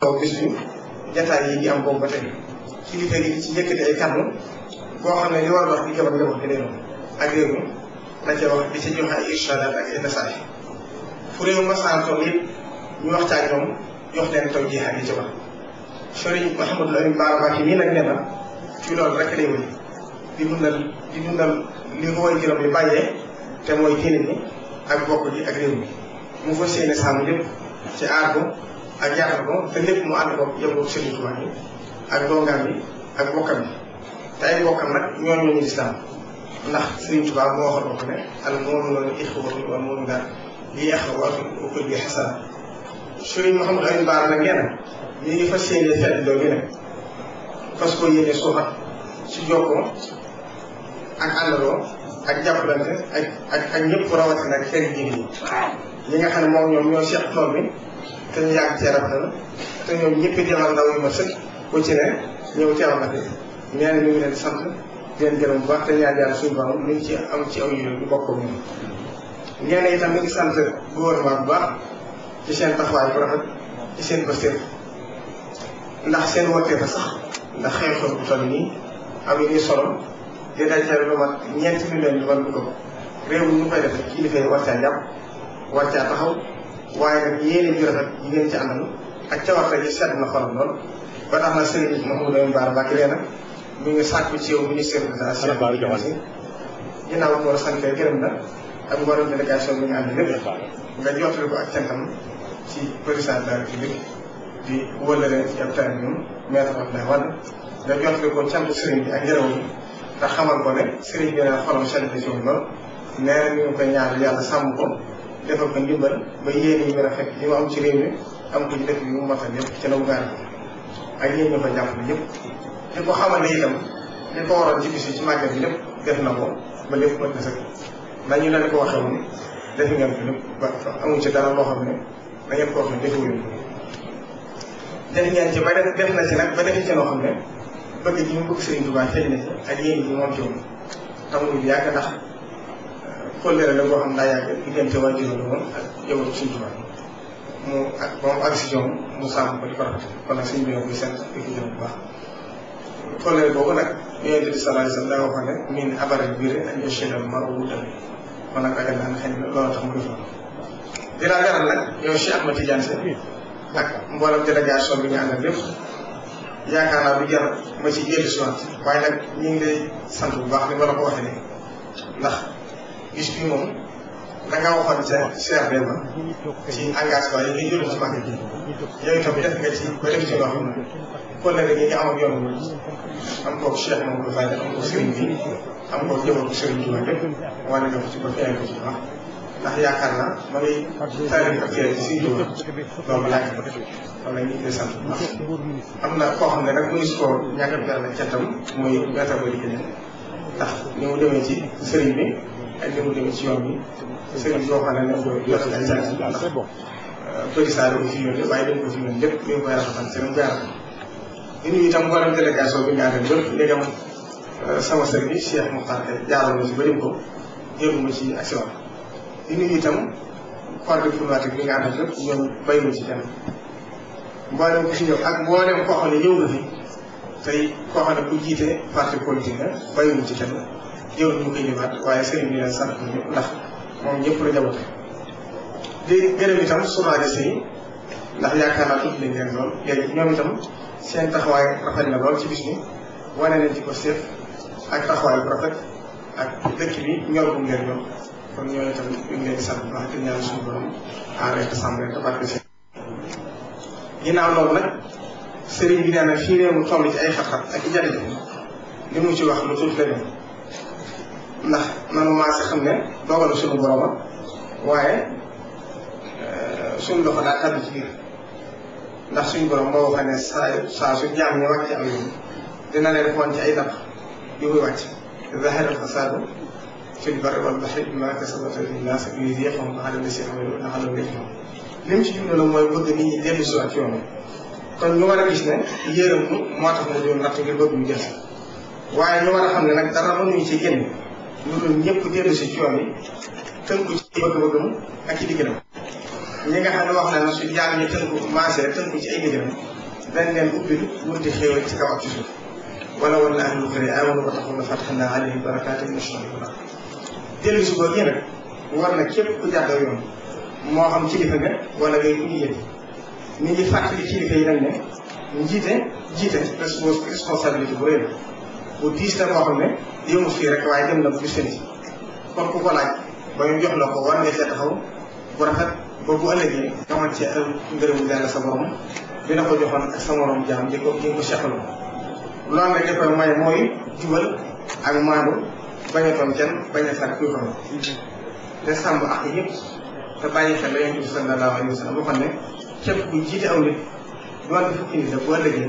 donc gis yi am boobu ba tey kilifa yi ci yëkkati ay kàddu boo xam ne a wax fu réew masaan toll it ñu wax caa ñoom jox leen taw jeexal yi ci wax. Sëriñ Mouhamadou Lamine Bara Mbacké mii nag nee na ci loolu rek lay wéy di dundal di dundal li ci aar ko ak yaatal ko te lépp mu ànd ko yóbbu Sëriñ Tuubaa yi ak dongaan bi ak bokkam bi te ay bokkam nag ñoo ñooñu lislaam ndax Sëriñ Tuubaa moo waxoon ko ne al mu'minuuna ixwatun wal mu'minaat lii axawaatun wa kul bi ihsaan Sëriñ Mouhamadou Alioune Bara nag nee na ñu ngi fas yéene fedd loolu nag fas ko yéene suuxat si jokkoo ak àndaloo ak jàppalante ak ak ak ñëpp rawatina ak xeetu jigéen ñi ñi nga xam ne moom ñoom ñoo seq tool te ñu yàgg cee rafetlu te ñoom ñëpp di demal ndaw yu ma sëkk ku ci ne ñëw na fi nee na ñu sant di leen gërëm bu ba te ñaan yàlla suñu borom luñ ci am ci aw yu bokk ak ñoom. nee na itam ñu bu baax ci seen taxawaay bu rafet ci seen posté ndax seen wootee ba sax ndax xew-xew bu toll nii am yu solo di dajale lu mat ñeenti millions yu mën ko réew mi ñu koy def kilifa yi war caa jàpp war caa taxaw. waaye nag yéene ju rafet yi ngeen ci àndal ak ca waxte ji sedd na xolam lool ba tax na sëriñ Mouhamadou Lamine Bara Mbacké ci yow ministère de a sant gërëm la ak mboolem délégation bi nga ànd lépp nga jottali ko ak cantam ci président de la République di wëlale ci ab taal ñoom maître Abdoulaye Wade nga jottali ko cant sëriñ bi ak ngërëmam te xamal ko ne sëriñ bi nee na xolam sedd na ci lool nee na mi koy ñaanal yàlla sàmm ko defal ko ndimbal ba yéene ñu mën a fekk li mu am ci réew mi am ko ci dëkk bi mu matal yëpp ci law gaar ak ñeen ñoo fa jàpp bi ñëpp di ko xamal ne itam li ko waroon ci bis yi ci màggal bi lépp def na ko ba lépp mën na sëkk ndax ñu leen ko waxee woon def ngeen ko lépp ba amuñ ci dara loo xam ne da ngeen ko wax ne defuwuñu ko def ngeen ci ba def def na ci nag ba defi ci loo xam ne bëgg ji mu bëgg Sëriñ Tuubaa feeñ na ci ak yéen ji moom ci woon tamuñu yàgg ndax kóllëre la boo xam daa yàgg diggante waa Jula la woon ak yow ak suñu mu ak ba mu agsi jom mu sàmm ko di ko rafetal kon ko nag yonent bi sallallahu alayhi wa sallam daa waxoon ne min abaral biir ak ñoom ak ma ci jëli si waat sant bu baax li ma la ko waxee nii ndax. bis bi moom da ngaa waxoon ca Cheikh Réma ci engagement yi nga jëloon ci mag yi yooyu nga ci ci loo xam nga am ci ba feeñ ah. yaakaar naa ma ngi tari ak si Touba loolu am na koo xam ne rek mënees koo ñàkk a beral ak cantam muy bett ba di ndax ay li mu ci yoon bi sëriñ boo xam ne nag yor na jaajëf ndax président ko fi yónnee euh, waaye dañ ko fi yónnee lépp mi mu koy rafetal. ñun itam mboolem délégation bi ñu àndal yëpp ndegam euh, sama sëriñ bi Cheikh Mokhtar jaaral ma ci bëri ko yóbbu ku fi ñëw ak mboolem koo xam ne ñëw na fi tey koo xam ne ku jiite parti politique la béy ma ci kenn. jëwal ñu koy limaat waaye sëriñ bi leen sant ñëpp ndax moom ñëpp la jaboote di gërëm itam souvent des yi ndax yaakaar naa tudd nañ leen lool léegi ñoom itam seen taxawaay rafet na lool ci bis bi wane nañ ci ko seet ak taxawaay bu ak dëkk bi ñor bu ngeen ñoom kon ñooñu itam ñu ngi leen di sant bu baax di sëriñ bi nee na fii réew ay xat-xat ak i ci wax lu tuuti ndax nanu maase xam ne dogalu suñu boroma waaye euh, suñu loxo daa ci biir ndax suñu borom moo a ne saa saa su jaam ñu wàcc am ñun dina leen xoon ci ay napp yu muy wàcc zahara fasaadu fil barri wal bahri bimaa kasabat aydin naas liyudhiqahum ba'da llazii 'amiluu la'allahum yarji'uun li mu ci jublu la mooy bëgg nit ñi dellu si waat yoon kon ñu war a gis ne yërëm moo tax mu doon natt ngir bëgg ñu jël waaye ñu war a xam ne nag dara mënuñu ci génn ñun ñëpp dellu si ci yoon yi tënku bëgg-bëggam ak ci digganam ñi nga xam ne wax na ne suñ jaam ñi tënku commencé rek tënku ci ay digganam ci kaw ak ci suuf wala wala ahlu kër amanu wa taxu la fataxna alayhim barakatin min samaawati wal ard moo xam kilifa nga wala ngay ku ñu ñu ngi fàttali kilifa yi nag ne njiite jiite responsabilité bu rëy la bu diis la koo xam ne yëngu fii rek waaye dem na bu sëni kon ku ko laaj ba ñu jox la ko war nga cee taxaw bu rafet ba bu ëllëgee nga mën cee sa borom ko joxoon ak sa morom jaam di ko mooy jubal ak maandu bañ a toon kenn a sar te sàmm ak yëpp te bàyyi xel la yonent bi sallallahu alayhi wa sallam boo xam ne képp ku jiite aw nit doon fukki nit la bu ëllëgee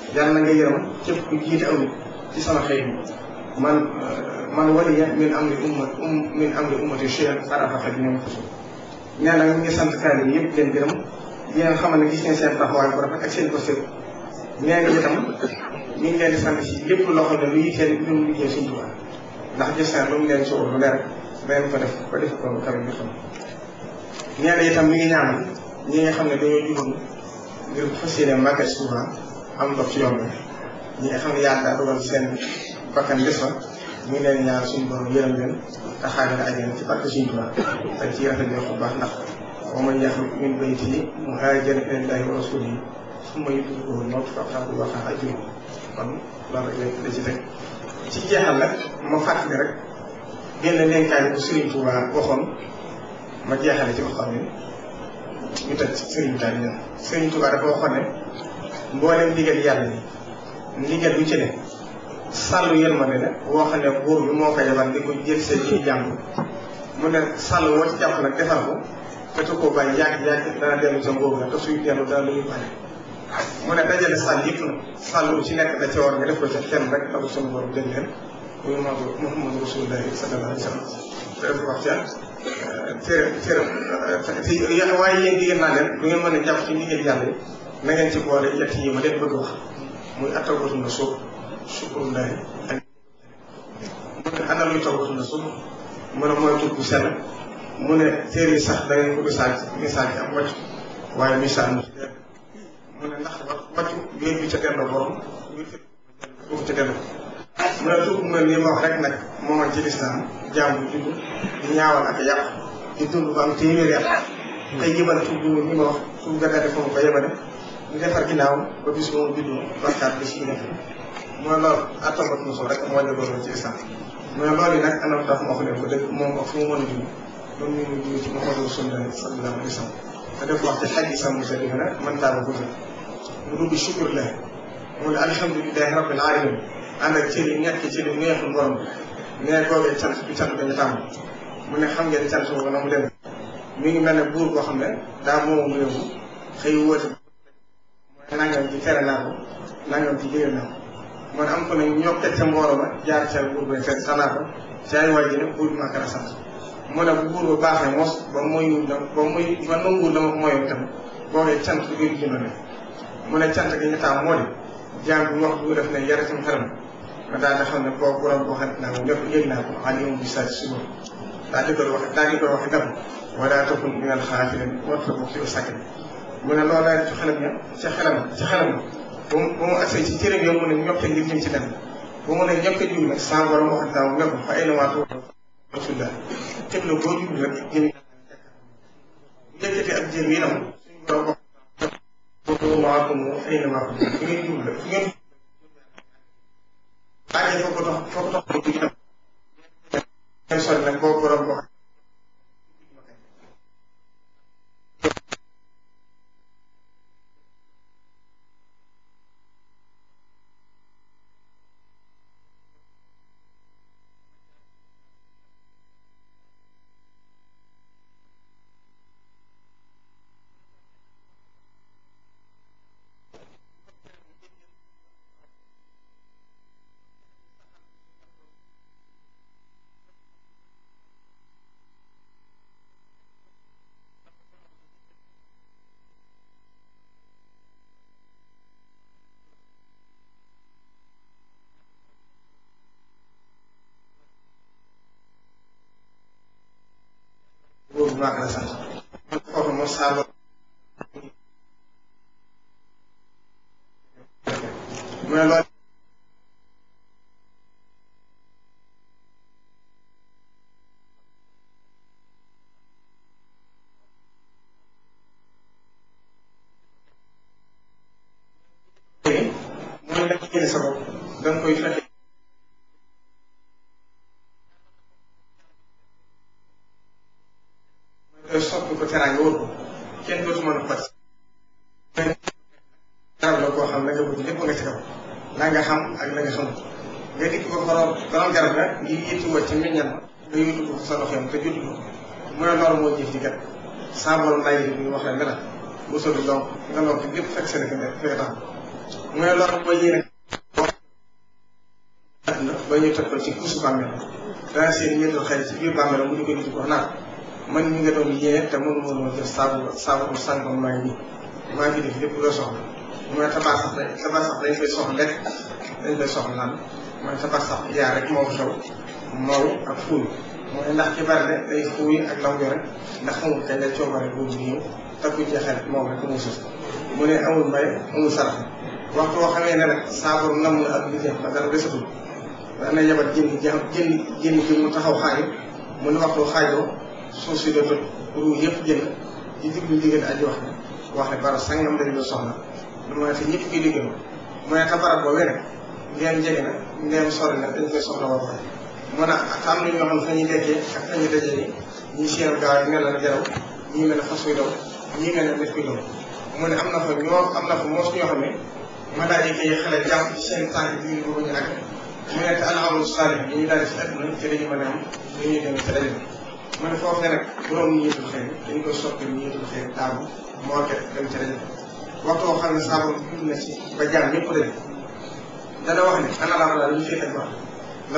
yàlla nanga nga yërëm képp ku jiite aw ci sama xëy man euh, man waliya min amri umma um, min amri ummati shay'an farafaqa bi ñoom na ñu ngi sant taalibe yi yëpp leen gërëm di leen xamal ne gis ngeen seen taxawaay bu rafet ak seen posture nee nga itam ñu sant si lépp loo xam ne lu yiteel lu mu liggéey ndax gis naa lu leen si wut lu leer beneen ko def ko def ko kaw bi xam mi ngi ñaanal nga xam ne dañoo juróom ngir fas yéene màggal Tuubaa am ndox ci yoon bi nga xam ne yàlla daa dogal seen bakkan des fa ñu ngi leen ñaan suñu borom leen te xaaral la ajjana ci barke suñu Tuubaa te ci rafet yoo xam baax ndax wa man yaxruj min baytihi muhaajiran ilallaahi wa rasuulihi summa rek la ci teg ma fàttali rek benn dénkaane bu Serigne Touba waxoon ma jeexale ci waxtaan wi ñu teg ci Serigne dafa waxoon ne. mboolem ndigal yàlla ni ndigal lu ci ne sàllu yërmande la woo xam ne buur bi moo ko yabal di ko jël seen ci jàng mu ne sàll woo jàpp nag defar ko te tu ko bàyyi yàgg yàgg dana dellu sa ngóob la te suy dellu dana lu ñu bari mu ne dajale sàll yëpp nag sàll ci nekk da ca nga def ko ca kenn rek ak suñu borom jël leen muy Muhammadu Muhammadu Rasulullahi sallallahu alayhi wa sallam te def eh, eh, du ngeen a jàpp ci ndigal yàlla yi na ngeen ci boole yett yi ma leen bëgg wax muy ak tawbatu na suuf sukurullahi ak mu ne ana luy tawbatu na suuf mu ne mooy tuub bu sell mu misaal misaal mu ci bi ca delloo borom biir foofu ca delloo mu ne tuub ma wax rek nag moomal ci lislaam jaam bu jublu di ñaawal ak yàq di dund am téeméer yàq tey jëmale tuub bi wax tuub ga foofu yemale ñu defar ginnaawam ba bis boobu juddoo bakkaat bi si def mooy loolu loolu yi tax moo ko def ko def moom ak fu mu mën a dund mu ñu dund ci sa def nag man daa ma ko jël mu dugg shukur la mu ne alhamdulilahi rabbil alamin ànd ak cër yi nekk ci li neexul borom mais googee cant mu ne xam ngeen cant boobu mu dem mi ngi mel ne buur boo xam ne daa moomu réew mi xëy wóote nangam ci tere naa ko nangam ci jëlee naa ko man am ko nag ñoo teg sa mbooloo ba jaar ca buur ba fekk sanaa ko ci ay waay ji nag buur bi maa kara sant mu ne bu buur ba baaxee mos ba ko ne cant gi naa ko ak yow bi saa ci daa di wax daa di koy wax dab wala takun minal xaafiliin warta bokk ci sakkan mu ne loolu laa ci xelam ya ci xelam ci xelam ba mu ba mu agsee ci cëram yow mu ne ñokke ngir ñëw ci dem ba mu ne ñokke jiw nag saa borom wax daaw nga fa ay nawaatu rasulillah teg la boo jublu rek jëm yëkkati ak jëm yi nam suñu borom boobu waa ko moom ay nawaatu fi ngeen jublu rek fi ngeen laajee foo ko tax foo ko tax ñu dem sori nag boo borom wax Tuubaa la sant kooku moom saa loolu mu ne loolu di yittuma ci meññal nga yóbbu ko sa loxoom te jot ko mu ne loolu moo jëf ci kat saa borom laaj bi wax la nga loolu mooy yéen a. ba ñu toppal ci kuusu bàmmeel daa seen ñeenteel xëy ci biir bàmmeel mu dugal di ko naan man mi yee te mënu ma doon def saabu saabu sàngam maa ngi nii maa ngi def lépp loo soxla mu ne mooy sa sax jaar rek moo fa xew maw ak fuuy mooy ndax ci bari de day fuuy ak lam yore ndax xamul kañ la coobare boobu moom rek moo sos mu ne amul mbay amul sarax waxtu boo na ak na yabat jënd jëm jënd jënd mu taxaw xaari mu ne xaajoo suuf si doo toj ruu yëpp jënd di diglu digal aji wax ne wax ne bara sangam dañ la soxla lu ma ne te ñëpp rek ndeem jege na ndeem sori na dañ koy soxla woon mu ne am na ñoo xam ne fa ñuy dekkee ak fa ñuy dajee ni ñii seen gaaw yi mel na jaraw ñii mel na fas koy daw ñii mel na nit koy daw mu ne am na fa ñoo am na fa moos ñoo xam ne malaayika yi xale jàpp ci seen tànk bi ñu ko ñu nag mu nekk alhamdu saalih yi ñu daal ci àdduna ci dañu mën a am dañuy dem ci daje mu ne foofu nag borom ñiitul xëy dañ koy soppi ñiitul xëy taamu moo dem ci daje waxtu woo xam ne saabu na ci ba jaar ñëpp daje dana wax ne ana laa daal ñu féet ak baax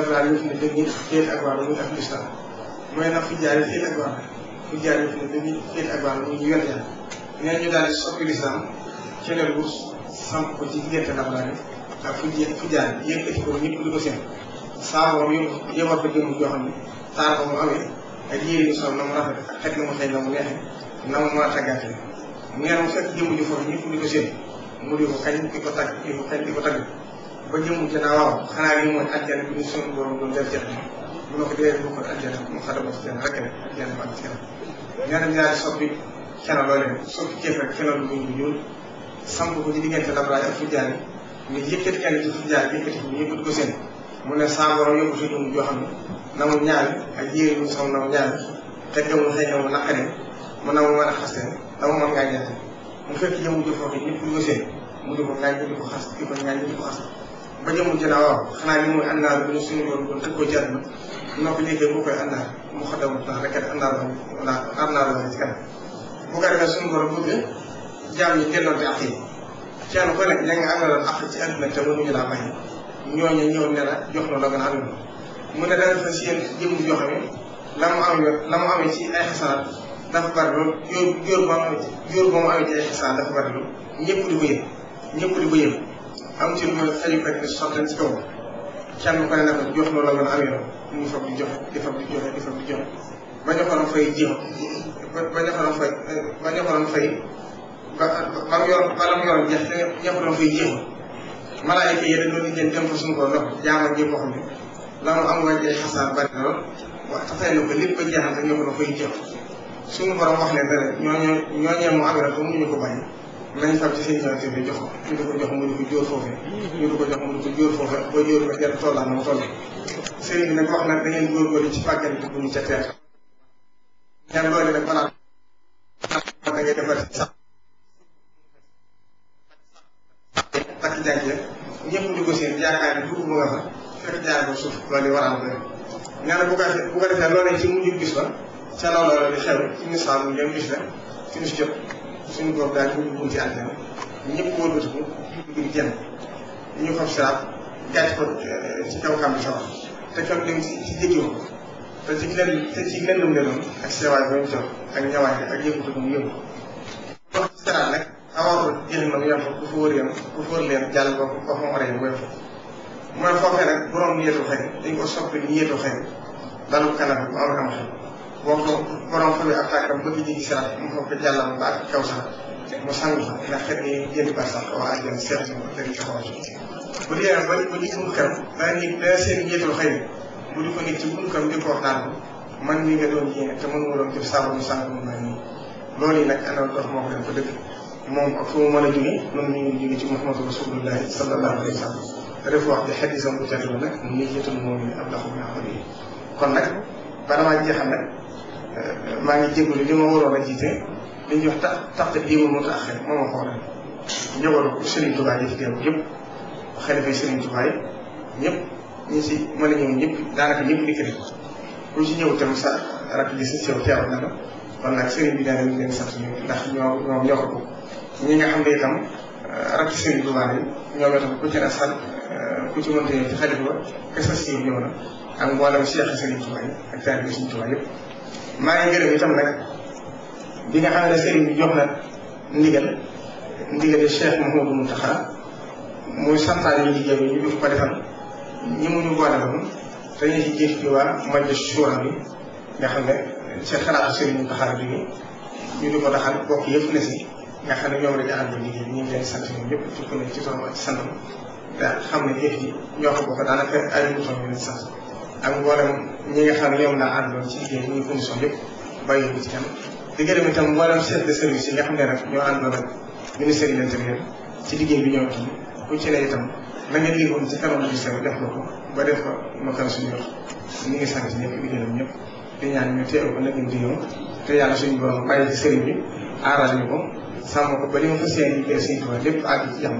laa daal ñu fi ne dañuy féet ak baax muy ak lislam mooy nag fu jaaree féet ak baax fu jaaree fi ne dañuy féet ak baax muy yoon yàlla nee ñu daal di soppi lislam ci leen bu samp ko ci diggante laa daal ak fu jé fu jaaree yëkkati ko ñëpp di ko seen saa moom yóbbu yóbbu ko jëm joo xam ne taar ko mu amee ak yére yu sol na mu rafet ak xet na mu xëy na mu neexee na mu mën a tàggaatee mu ngeen mu fekk jëmm ji foofu ñëpp di ko seen mu di ko kañ di ko tàgg di ko kañ di ko tàgg ba jëmu ci naa waaw xanaa lii mooy aljana bi ñu suñu borom doon def jana bu ma ko dee bu ko aljana mu xadama ci jana rek ne aljana ak jana ñaari ñaari soppi kena loolee soppi ceef rek kena lu ñu ñuul samp ko ci diggante labraay ak fujjaan yi nga yëkkati kenn ci fujjaan bi yëkkati ñu yëkkati ko seen mu ne saa borom yóbbu si ñun joo xam ne namu ñaari ak yére ñu sam namu ñaari te teewul xëy na mu naqari mu namu mën a xaste dama mën ngaa ñaate mu fekk yow jëfoo ko ñëpp ñu ko seen mu di ko ngaañ di ko xas di ko ngaañ di ko xas ba jëmu ci naa waaw mu xadamu la wala laa a am mu ne danga amee ci ay xasaar dafa bari lool yóor boo mu amee ci ay xasaar dafa bari lool ñëpp di ko yëg di ko am ci lu ma aju fekk sotti ci kawam kenn ku ne dafa jox loola mën a amee noonu muy fab di joxe di fab di joxe di fab di joxe ba joxoon fay jéem ba ba joxoon fay ba joxoon fay ba ba mu yor ba la mu yor jeex ñaxoon fay jéem malaayika yi dañ doon jën fa suñu ko ne la mu am wàññi xasaar bari na lool ba mu amee ko bàyyi. nañ fab ci seen initiative bi jox ko ñu di ko jox mu di ko jóor foofe ñu di ko jox mu di ko jóor foofe ba jóor ba jar tollaan mu toll sëriñ bi nag wax na da ngeen góorgóorlu ci fàggan bi bu ñu ca teer ñaan loolu nag balaa da ngay defar sax takk jàng ya ñëpp di ko seen yaakaar ne dugub nga fa fekk jaar ko suuf loolu yi waral ko nee na bu ko bu ko defee loolee ci mujj gis ba ca loolu la di xew ci misaal mu ñëw gis la ci ñu si jot suñu borom daal ñu dugg ci àjjana ñëpp wëlbatiku dugg jënd ñu xam siraat gàcc ko eh, ci kaw xam bi sawar te kon dem ci ci jéggiwu ko te ci lenn te ci lennum lenoon ak seewaay ba ñu jox ak ñawaay ak yëngu ko mu wër yem ku fa wër leen jàll ba ko moom rey mu mooy foofee nag borom yeetu xëy dañ ko soppi ni yeetu xëy dalu kanam bu am am xel waxtu borom fa bi ak tàkkam bëgg ñu gis raaf mu xaw ko jàllal ba ak kaw sax mu sangu sax ndax xet yi jënd ba sax waa àjjana seet si mu tëri ci xool bu dee ba ba ñu bunt kam daa nekk daa seen njiitul xëy bu di ko nekk ci bunt kam di ko wax naan man mi nga doon yéene te mënu ma doon jëf saabu mu sangu mu mel nii loolu yi nag anam dox moo ko def ko dëkk moom ak fu mu mën a jóge noonu ñu ngi jóge ci Muhammadu Rasulullahi sallallahu alayhi wa sallam def wax bi xadisam bu tedd nag niyyatul mu'min ablahu min amalihi kon nag bala maa jeexal nag maa ngi jégalu li ma waroon a jiite li ñuy wax tax tax te jéem moo tax xel moo ma xoolal jégalu ko Serigne Touba yi fi teew yëpp xalifa Serigne Touba yi si mën a ñëw ñëpp daanaka ñëpp dikkati ko ku si ñëw tam sa rakk ji sa sew teewal na la kon nag Serigne bi daanaka ñu leen sant ñu ndax ñoo ñoom ñoo ko ñi nga xam ne itam euh, rakk Serigne Touba yi ñoom itam ku ci ne euh, ku ci mënta ñëw ci xalifa ba kese si ñëw na ak mboolem Cheikh Serigne Touba yi ak taalibe Serigne maa ngi gërëm itam nag bi xam ne sëriñ bi jox na ndigal ndigal Cheikh Mouhamadou mu ñu boole ko te ñu nga xam ne ci xalaatu sëriñ Mountakha la jógee ñu di ko daxal bokk yëpp na si nga xam ne ñoom la ñu àndal liggéey bi ñu ngi leen sant ñoom ñëpp ci ku ne ci tool ci santam te xam ne yëf yi ñoo ko bokk daanaka ay mutuelle lañ sant. ak mboolem ñi nga xam ne ñoom laa àndoon ci liggéey muy commission yëpp bàyyi ko ci kenn di gërëm itam mboolem chef de service yi nga xam ne nag ñoo àndoon ak ministère de l'intérieur ci liggéey bi ñoo kii ku ko ba def ko mokkal suñu ko nag ñu di ñëw ñu ko sàmm ko li ma fa seen liggéey suñu lépp àgg ci jàmm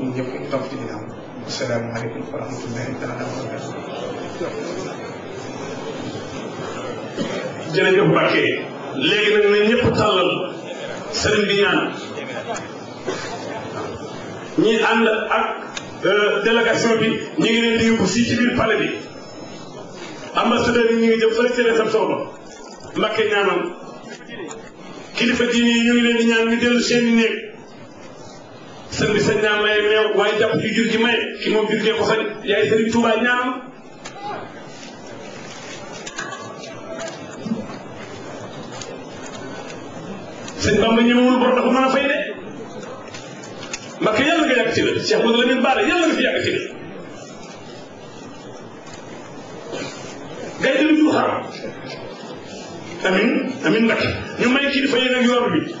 ñun ñëpp ñu topp ci ginnaaw asalaamaaleykum wa rahmatullahi taala wa barakatuh jërëjëf Mbacke léegi nag ne ñëpp tàllal sëriñ bi ñaan ñi ànd ak euh, délégation bi ñu ngi leen di yóbbu ci biir palais bi ambassadeur yi ñu ngi jëm fële ci réception ba Mbacke ñaanal kilifa diine ñu ngi leen di ñaan ñu dellu seen néeg sëñ bi sa ñaan lay meew waaye jàpp ci jur gi maye ki moom jur gee ko sa yaay sëriñ Touba ñaanal ne ñemewul bor dafa mën a fay de Mbakke yàlla nga yàgg ci la Cheikh Modou Lamine Bara yàlla fi yàgg ci la gay dëlu jur xaram amin amin ñu may kilifa yi nag yoor